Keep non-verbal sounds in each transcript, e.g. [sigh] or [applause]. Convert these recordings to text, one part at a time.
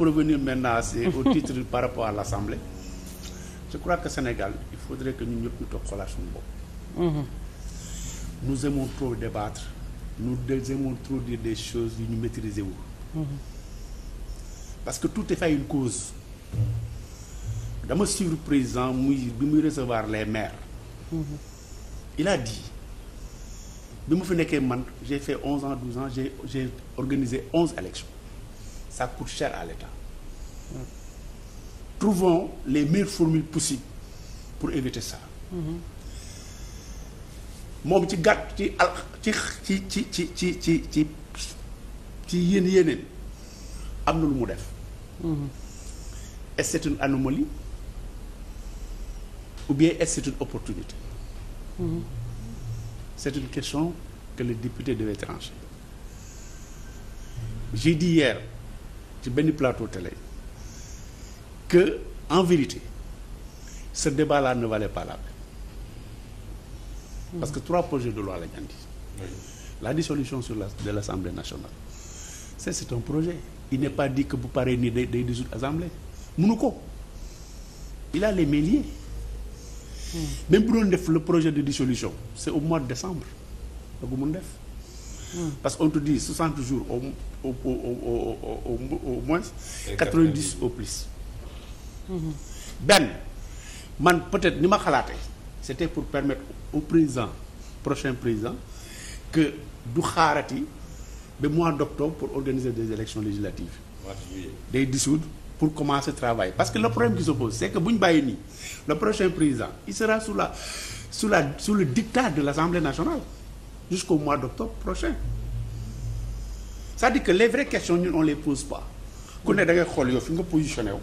provenir maintenant c'est au titre [laughs] par rapport à l'Assemblée je crois que Sénégal il faudrait que ñun ñëpp ñu toog xoolaat suñu bopp mm-hmm. nous aimons trop débattre nous aimons trop dire des choses yu ñu maîtriser wu mm-hmm. parce que tout est fait à une cause dama suivre président muy bi muy recevoir les maires mm-hmm. il a dit bi mu fi nekkee man j'ai fait onze ans douze ans j'ai organiser organisé onze élections ça coûte cher à l'État. Mmh. les meilleures formules possibles pour éviter sa moom ci gàtt ci al ci ci ci ci ci ci ci ci yéen yéeneen am na lu mu def. est-ce une anomalie ou bien est-ce une opportunité. Mmh. c'est une question que le député de trancher. J'ai dit hier. ci benn plateau télé que en vérité ce débat là ne valait pas la peine parce que trois projets de loi la ñu andi la dissolution sur la de l'Assemblée nationale c'est c'est un projet il n'est pas dit que bu paree nii day day dissoudre assemblée mënu ko il a les mains liées hmm. même bu doon def le projet de dissolution c'est au mois de décembre la ko mun def parce qu'on te dit 60 jours au au au au au au moins. 90 au plus. benn man peut-être ni ma xalaatee c'était pour permettre au président prochain président que du xaarati ba mois d'octobre pour organiser des élections législatives. day dissoudre pour commencer travail parce que le problème qui se c'est que bu ñu bàyyi nii le prochain président il sera sous la sous la sous le dictat de l'Assemblée nationale. jusqu'au mois d'octobre prochain c'est-à-dire que les vraies questions ñun on les pose pas ku ne da ngay xool yow fi nga positionné wu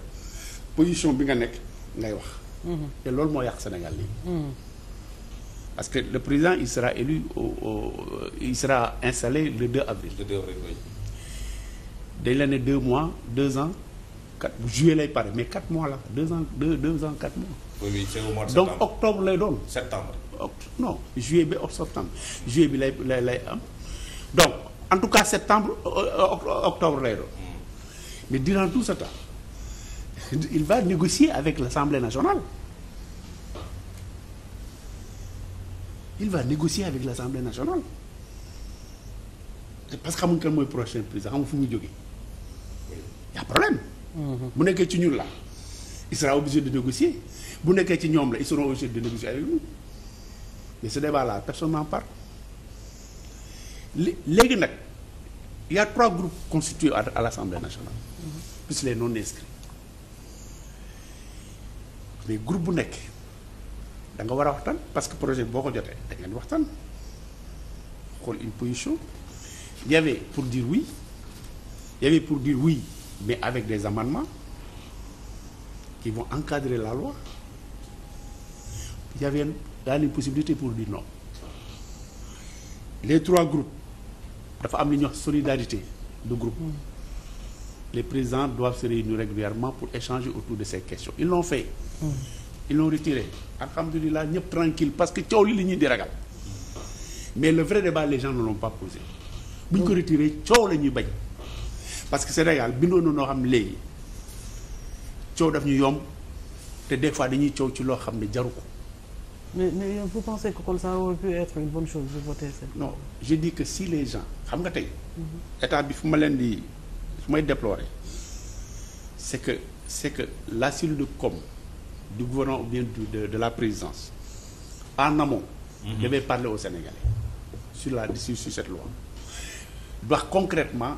position bi nga nekk ngay wax mhm. te loolu mooy yàq Sénégal nii mhm. parce que le président il sera élu au, au il sera installé le 2 avril le dañ la ne deux mois deux ans 4 juillet lay pare mais 4 mois la 2 ans 2 2 ans 4 mois. oui c'est au mois de septembre donc octobre lay doon. septembre octobre non juillet bi octobre septembre. juillet bi lay lay lay am donc en tout cas septembre octobre lay doon hmm. mais durant tout ce temps il va négocier avec l'Assemblée nationale. il va négocier avec l'Assemblée nationale parce que xamuñ kan mooy prochain président xamuñ fu muy jógee y a problème. bu nekkee ci ñun la il sera obligé de négocier bu nekkee ci ñoom la ils seront obligés de négocier avec nous mais ce débat là personne n'en parle léegi nag il y a trois groupes constitués à l'Assemblée nationale plus les non inscrits mais groupe bu nekk da nga war a waxtaan parce que projet boo ko jotee da ngeen waxtaan xool une position il pour diir oui il pour dire oui mais avec des amendements qui vont encadrer la loi il y avait daal une possibilité pour dire non les trois groupes dafa am li ñuy wax solidarité de groupe les présidents doivent se réunir régulièrement pour échanger autour de ces questions ils l'ont fait ils l'ont retiré alhamdulilah ñëpp tranquille parce que coow li li ñuy di ragal mais le vrai débat les gens ne l'ont pas posé bu ñu ko retiré coow la ñuy bañ parce que Sénégal bindoo na noo xam léegi coow daf ñu yomb te des fois dañuy coow ci loo xam ne jaru ko. mais mais vous pensez que comme ça aurait pu être une bonne chose de voter ça. je dis que si les gens xam nga tey. Mhm. état bi fu ma leen di fu may déplorer c' est que c' est que la cellule de com du gouvernement ou bien de de la présidence en amont. Mm -hmm. devait parler aux Sénégalais sur la sur cette loi. wax concrètement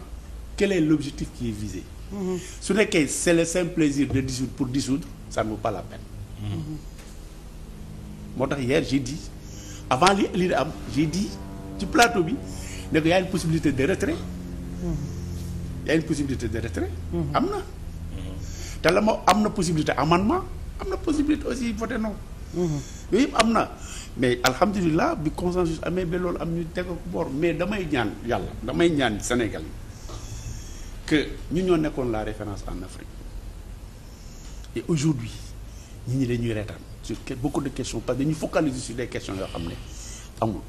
quel est l'objectif qui est visé mm-hmm. su nekkee c'est le simple plaisir de dissoudre pour dissoudre ça ne vaut la peine mm-hmm. moo tax hier j'ai dit avant li li am j'ai ci plateau bi ne ko possibilité de retrait mm-hmm. y possibilité de retrait am na te la ma am na possibilité amendement am na possibilité aussi voter non yooyu yëpp am na mais alhamdulilah bi consensus amee ba loolu am ñu teg ko boor mais damay ñaan yàlla damay ñaan Sénégal que ñu ñoo nekkoon la référence en Afrique et aujourd'hui ñi ñi dañuy reetaan sur beaucoup de questions parce que dañuy focaliser sur des questions yoo xam ne amul